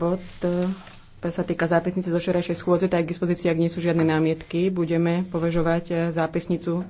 bod e, sa týka zápisnice zo včerajšej schôdze, tak k dispozícii, ak nie sú žiadne námietky, budeme považovať e, zápisnicu